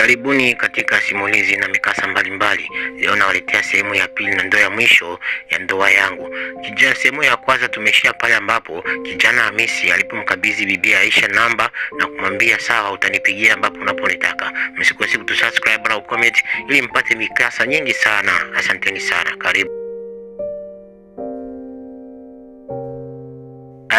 Karibuni katika simulizi na mikasa mbalimbali. Leo nawaletea sehemu ya pili na ndoa ya mwisho ya ndoa yangu. Kijana, sehemu ya kwanza tumeishia pale ambapo kijana Hamisi alipomkabidhi bibi Aisha namba na kumwambia sawa, utanipigia ambapo unaponitaka. Msikose kutusubscribe na ucomment ili mpate mikasa nyingi sana. Asanteni sana, karibu.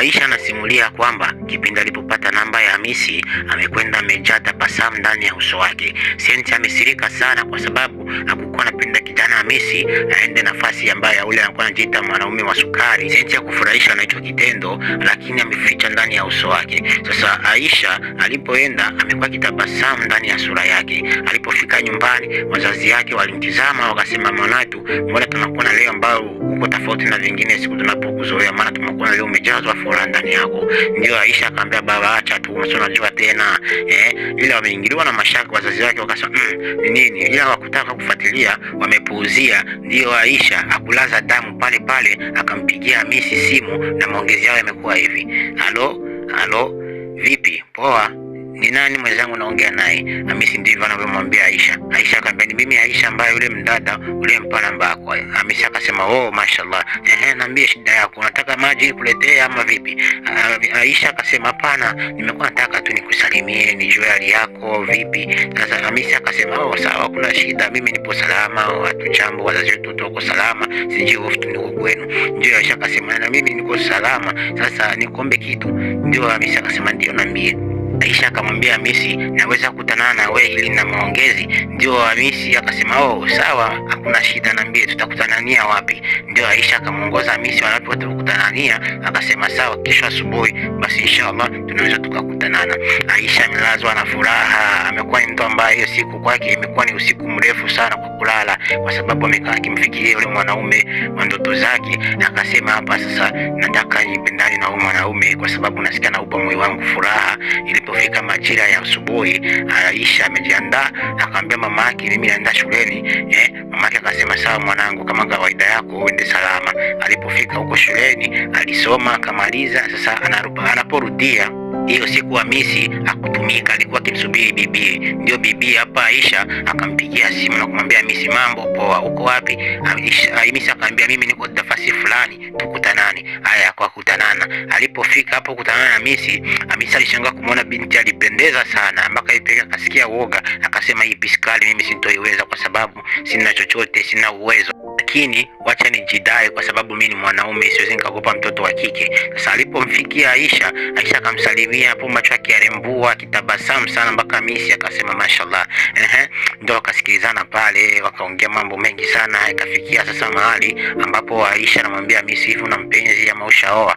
Aisha anasimulia kwamba kipindi alipopata namba ya Hamisi amekwenda amejaa tabasamu ndani ya uso wake. Senti amesirika sana kwa sababu hakukuwa napenda kijana wa Messi aende nafasi ambayo ya ule anakuwa anajiita mwanaume wa sukari. Senti ya kufurahisha na hicho kitendo, lakini ameficha ndani ya uso wake. Sasa Aisha alipoenda amekuwa kitabasamu ndani ya sura yake. Alipofika nyumbani, wazazi yake walimtizama wakasema, mwanatu, mbona tunakuona leo ambao uko tofauti na vingine siku tunapokuzoea, maana tunakuona leo umejazwa furaha ndani yako. Ndio Aisha akamwambia baba, acha tu, unajua tena eh, ila wameingiliwa na mashaka. Wazazi wake wakasema mm, nini, ila wakutaka kufuatilia wamepuuzia. Ndiyo Aisha akulaza damu pale pale, akampigia Hamisi simu na maongezi yao yamekuwa hivi: halo halo, vipi poa ni nani mwenzangu naongea naye? Hamisi ndivyo anavyomwambia Aisha. Aisha akamwambia ni mimi Aisha ambaye yule mdada ulimpa namba yako. Hamisi akasema oh, mashallah, ehe, niambie shida yako, unataka maji nikuletee ama vipi? Aisha akasema hapana, nimekuwa nataka tu nikusalimie, nijue hali yako vipi. Sasa Hamisi akasema oh, sawa, kuna shida, mimi nipo salama, watu chambo, wazazi wetu tuko salama, sijui hofu niko kwenu. Ndio Aisha akasema na mimi niko salama, sasa nikuombe kitu. Ndio Hamisi akasema ndio, niambie. Aisha akamwambia Hamisi, naweza kukutanana na wewe ili na maongezi. Ndio Hamisi akasema oh, sawa, hakuna shida, niambie tutakutanania wapi. Ndio Aisha akamuongoza Hamisi wapi watakutanania, akasema sawa, kesho asubuhi basi inshallah tunaweza tukakutanana. Aisha amelazwa na furaha, amekuwa ni mtu ambaye hiyo siku kwake imekuwa ni usiku mrefu sana kwa kulala, kwa sababu amekaa akimfikiria yule mwanaume wa ndoto zake. Akasema hapa sasa nataka nipendane na huyu mwanaume, kwa sababu nasikia naupa moyo wangu furaha ilipo Ilipofika majira ya asubuhi, Aisha amejiandaa, akamwambia mama yake, mimi naenda shuleni eh. Mama yake akasema sawa mwanangu, kama kawaida yako, uende salama. Alipofika huko shuleni alisoma akamaliza. Sasa anaporudia hiyo siku Hamisi Mika alikuwa akimsubiri bibie. Ndio bibie hapa Aisha akampigia simu na kumwambia Hamisi, mambo poa, uko wapi? Hamisi akamwambia mimi niko nafasi fulani, tukutanane. Haya, kwa kutanana. Alipofika hapo kutanana na Hamisi, Hamisi alishangaa kumwona binti alipendeza sana, mpaka ipeka akasikia woga, akasema hii piskali mimi sintoiweza, kwa sababu sina chochote, sina uwezo lakini wacha nijidai kwa sababu mi ni mwanaume, siwezi nikakopa mtoto wa kike. Sasa alipomfikia Aisha, Aisha akamsalimia hapo, macho yake yarembua, akitabasamu sana mpaka Misi akasema mashallah. Ehe, ndo wakasikilizana pale, wakaongea mambo mengi sana, ikafikia sasa mahali ambapo Aisha anamwambia Misi, hivi una mpenzi ama ushaoa?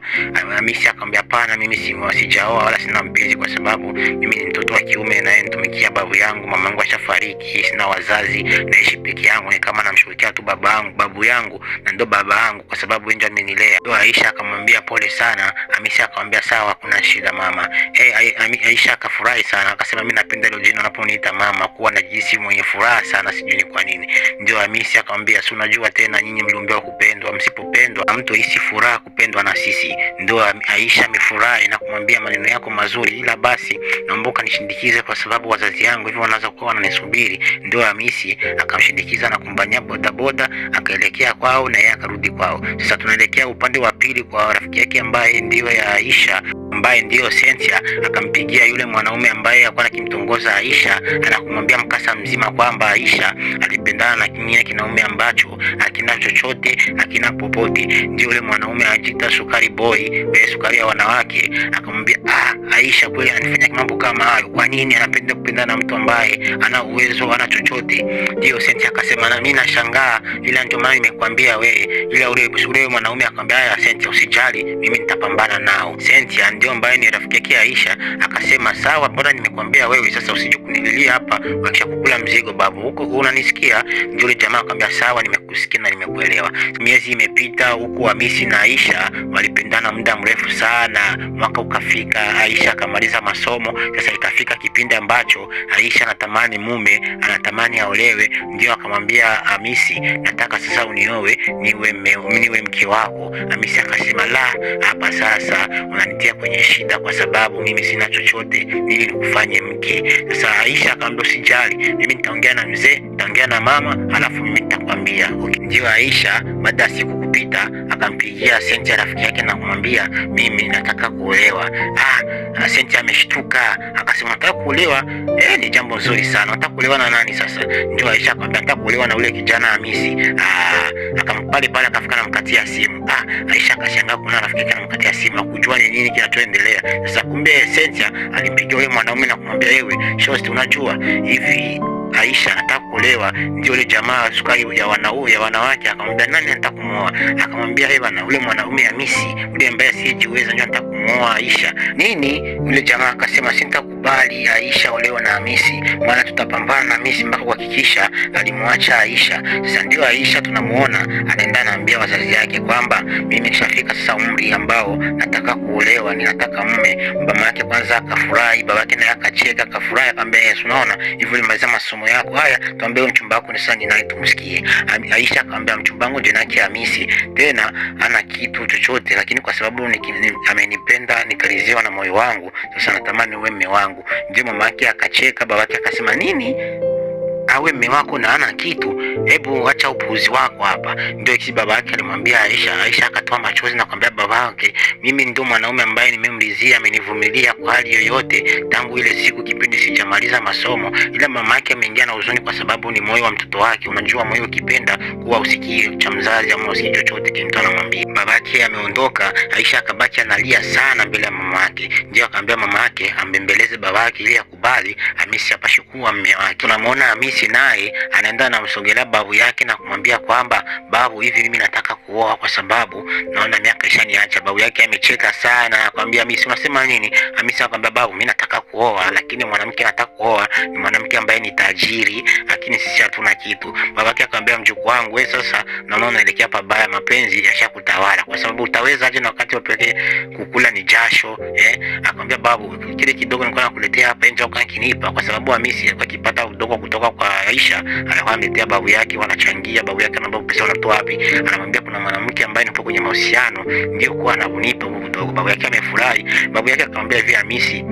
Misi akamwambia hapana, mimi sijaoa wala sina mpenzi, kwa sababu mimi ni mtoto wa kiume naye nitumikia babu yangu, mamangu ashafariki, sina wazazi, naishi peke yangu, ni kama namshughulikia tu babangu babu yangu na ndo baba yangu, kwa sababu ndio amenilea. Ndo Aisha akam akamwambia pole sana. Hamisi akamwambia sawa, kuna shida mama. Hey, Aisha akafurahi sana akasema, mimi napenda hilo jina unaponiita mama, kuwa najihisi mwenye furaha sana, sijui ni kwa nini. Ndio Hamisi akamwambia, si unajua tena nyinyi mliombewa kupendwa, msipopendwa mtu hisi furaha kupendwa na sisi. Ndio Aisha amefurahi na kumwambia, maneno yako mazuri, ila basi naomba nishindikize kwa sababu wazazi yangu hivyo wanaweza kuwa wananisubiri. Ndio Hamisi akamshindikiza na kumbanyia bodaboda, akaelekea kwao na yeye akarudi kwao. Sasa tunaelekea upande wa pili kwa rafiki yake ambaye ndiyo ya Aisha ambaye ndiyo Sensia akampigia yule mwanaume ambaye alikuwa akimtongoza Aisha na kumwambia mkasa mzima kwamba Aisha alipendana na kingine kinaume ambacho akina chochote akina popote. Ndio yule mwanaume anajiita sukari boy, be eh, sukari ya wanawake. Akamwambia ah, Aisha kweli anafanya mambo kama hayo, kwa nini anapenda kupendana na mtu ambaye ana uwezo ana chochote? Ndio Sensia akasema, na mimi nashangaa, ila ndio maana nimekwambia wewe, ila ule ule mwanaume akamwambia, Sensia usijali kujali, mimi nitapambana nao. Sentia ndio ambaye ni rafiki yake Aisha akasema sawa, bora nimekuambia wewe, sasa usije kunililia hapa, wakisha kukula mzigo babu huko, unanisikia? Yule jamaa akamwambia sawa, nimekusikia na nimekuelewa. Miezi imepita huku, Hamisi na Aisha walipendana muda mrefu sana, mwaka ukafika, Aisha akamaliza masomo, sasa ikafika kipindi ambacho Aisha anatamani mume, anatamani aolewe, ndio akamwambia Hamisi, nataka sasa uniowe niwe, niwe mke wako. Hamisi akasema la, hapa sasa unanitia kwenye shida, kwa sababu mimi sina chochote ili nikufanye mke. Sasa Aisha akamwambia usijali, mimi nitaongea na mzee, nitaongea na mama, halafu mimi nitakwambia. Okay. Ndio Aisha baada ya siku iliyopita akampigia Senti ya rafiki yake na kumwambia mimi nataka kuolewa. Ah, ah, Senti ameshtuka akasema nataka kuolewa. Eh, ni jambo zuri sana. Nataka kuolewa na nani sasa? Ndio Aisha akamwambia nataka kuolewa na ule kijana Hamisi. Ah, akampale pale akafika na mkatia simu. Ah, Aisha akashangaa kuna rafiki yake anamkatia simu akujua ni nini kinachoendelea. Sasa kumbe Senti alimpigia yule mwanaume na kumwambia wewe, shosti, unajua hivi Aisha anataka kuolewa, ndio ile jamaa sukari ya wanaume ya wanawake akamwambia nani atakumoa? Akamwambia hewa na ule mwanaume Hamisi ule ambaye asiyejiweza ndio atakumuoa Aisha. Nini? Yule jamaa akasema sitakubali maana tutapambana na Messi mpaka kuhakikisha alimwacha Aisha. Sasa ndio Aisha tunamuona anaenda anaambia wazazi yake kwamba mimi nishafika sasa umri ambao nataka kuolewa, ninataka mume. Mama yake kwanza akafurahi, baba yake naye akacheka, akafurahi, akamwambia Yesu, unaona hivyo ulimaliza masomo yako, haya tuambie mchumba wako ni sani naye tumsikie. Aisha akamwambia mchumba wangu jina yake Hamisi, tena ana kitu chochote, lakini kwa sababu ni, amenipenda nikaliziwa na moyo wangu, sasa natamani uwe mume wangu. Ndio mama yake akacheka, baba yake themanini na we mme wako na ana kitu, hebu acha upuuzi wako hapa. Ndio kisi baba yake alimwambia Aisha. Aisha akatoa machozi na kumwambia baba yake, mimi ndio mwanaume ambaye nimemlizia, amenivumilia kwa hali yoyote tangu ile siku kipindi sijamaliza masomo. Ila mama yake ameingia na huzuni kwa sababu ni moyo wa mtoto wake. Unajua moyo ukipenda kuwa usikie cha mzazi ama usikie chochote kimtu anamwambia. Baba yake ameondoka, Aisha akabaki analia sana mbele ya mama yake. Ndio akamwambia mama yake ambembeleze baba yake ili akubali Hamisi apashe kuwa mme wake. Tunamwona Hamisi naye anaenda anamsogelea babu yake na kumwambia kwamba babu, hivi mimi nataka kuoa kwa sababu naona miaka ishaniacha. Babu yake amecheka sana, akamwambia Hamisi, unasema nini? Hamisi akamwambia babu, mimi nataka kuoa, lakini mwanamke nataka kuoa ni mwanamke ambaye ni tajiri, lakini sisi hatuna kitu. Babake akamwambia mjukuu wangu sasa naona unaelekea pabaya, mapenzi yashakutawala, kwa sababu utaweza aje na wakati wapeke kukula ni jasho eh? Akamwambia babu, kile kidogo nilikuwa nakuletea hapa nje kinipa, kwa sababu Hamisi alikuwa akipata udogo kutoka kwa Aisha, alikuwa ametia babu yake, wanachangia babu yake, na babu pesa unatoa wapi? Anamwambia kuna mwanamke ambaye nipo kwenye mahusiano, ndio kwa ananipa udongo. Babu yake amefurahi. Babu yake akamwambia hivi, Hamisi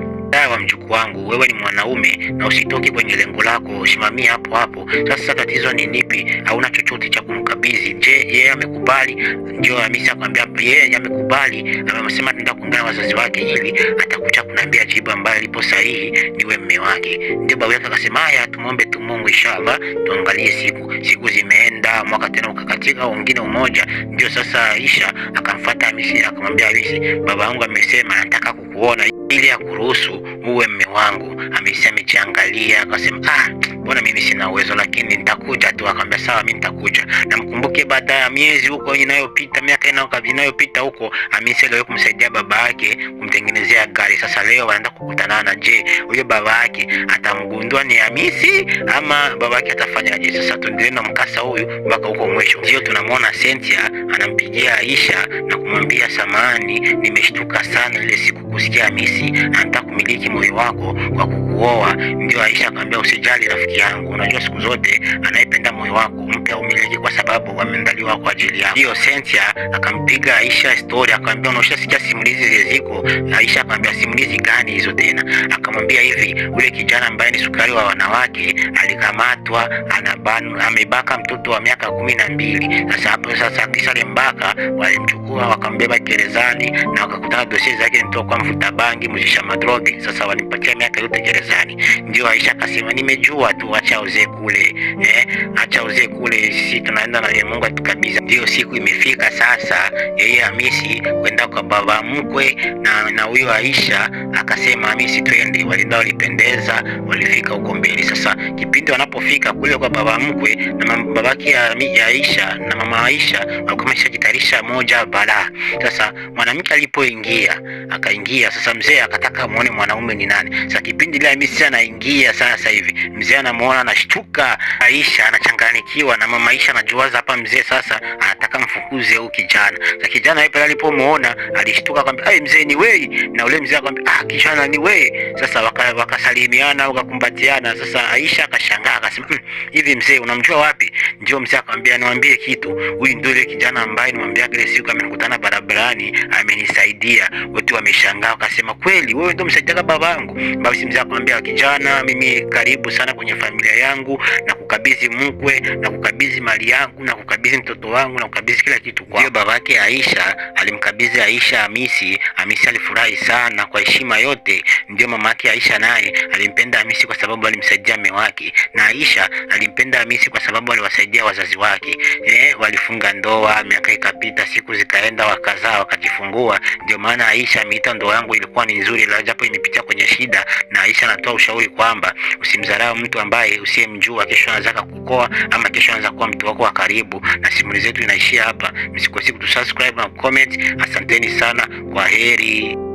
wa mjukuu wangu, wewe ni mwanaume na usitoke kwenye lengo lako, usimamie hapo hapo. Sasa tatizo ni nipi? Hauna chochote cha kumkabidhi? Je, yeye amekubali? Ndio Hamisi akwambia yeye amekubali, amesema nenda kuongea wazazi wake ili atakuja kuniambia jibu ambalo lipo sahihi, niwe mme wake. Ndio babu yake akasema, haya tumombe tu Mungu, inshallah tuangalie siku. Siku zimeenda, mwaka tena ukakatika, wengine umoja. Ndio sasa Aisha akamfuata Hamisi akamwambia Hamisi, baba yangu amesema anataka kukuona ili ya kuruhusu uwe mme wangu. Hamisi amejiangalia akasema, ah, mbona mimi sina uwezo, lakini nitakuja tu. Akamwambia sawa, mimi nitakuja. Namkumbuke baada ya miezi huko inayopita, miaka inayopita huko, Hamisi aliwahi kumsaidia baba yake kumtengenezea gari. Sasa leo wanaenda kukutana na je, huyo baba yake atamgundua ni Hamisi ama baba yake atafanyaje? Sasa tuendelee na mkasa huyu mpaka huko mwisho. Ndio tunamwona Sentia anampigia Aisha na kumwambia samani, nimeshtuka sana ile siku kusikia Hamisi basi anataka kumiliki moyo wako kwa kukuoa. Ndio Aisha akamwambia, usijali rafiki yangu, unajua siku zote anayependa moyo wako mpe umiliki, kwa sababu ameandaliwa kwa ajili yako. Hiyo Sentia akampiga Aisha story, akamwambia unaosha unashasikia simulizi zile ziko. Aisha akamwambia simulizi gani hizo tena? Akamwambia hivi, ule kijana ambaye ni sukari wa wanawake alikamatwa, anabanu amebaka mtoto wa miaka kumi na mbili. Sasa hapo sasa Kisale Mbaka walimchukua wakambeba gerezani na wakakutana dosia zake nitoka kwa mvuta bangi walimjisha madrogi, sasa walimpatia miaka yote gerezani. Ndio Aisha akasema nimejua tu, acha uzee kule eh, acha uzee kule, sisi tunaenda na yeye Mungu atukabiza. Ndio siku imefika sasa yeye Hamisi kwenda kwa baba mkwe na na huyo Aisha akasema, Hamisi twende. Walienda, walipendeza, walifika huko mbele. Sasa kipindi wanapofika kule kwa baba mkwe na babake ya Aisha na mama Aisha walikuwa wameshajitayarisha moja bala. Sasa mwanamke alipoingia akaingia sasa mzee mzee akataka muone mwanaume ni nani. Sasa kipindi ile Hamisi anaingia sasa hivi, mzee anamuona anashtuka, Aisha anachanganyikiwa na mama Aisha anajuaza hapa, mzee sasa anataka mfukuze huyu kijana. Sasa kijana yeye pale alipomuona alishtuka, akamwambia ai, mzee ni wewe? Na ule mzee akamwambia ah, kijana ni wewe. Sasa wakasalimiana waka wakakumbatiana. Sasa Aisha akashangaa akasema, hmm, hivi mzee unamjua wapi? Ndio mzee akamwambia, niambie kitu, huyu ndio ile kijana ambaye nimwambia ile siku amenikutana barabarani, amenisaidia. Wote wameshangaa wakasema kweli wewe ndio msaidiaga babangu, basi mzee akamwambia, kijana, mimi karibu sana kwenye familia yangu na kukabidhi mkwe na kukabidhi mali yangu na kukabidhi mtoto wangu na kukabidhi kila kitu kwa babake. Aisha alimkabidhi Aisha Hamisi. Hamisi alifurahi sana kwa heshima yote. Ndio mamake Aisha naye alimpenda Hamisi kwa sababu alimsaidia mume wake, na Aisha alimpenda Hamisi kwa sababu aliwasaidia wazazi wake. Eh, walifunga ndoa, miaka ikapita, siku zikaenda, wakazaa, wakajifungua. Ndio maana Aisha ameita ndoa yangu ilikuwa ni ni nzuri, la japo imepitia kwenye shida, na Aisha anatoa ushauri kwamba usimdharau mtu ambaye usiyemjua, kesho anaweza kukoa ama kesho anaweza kuwa mtu wako wa karibu. Na simulizi yetu inaishia hapa. Msikose kutusubscribe na comment. Asanteni sana, kwa heri.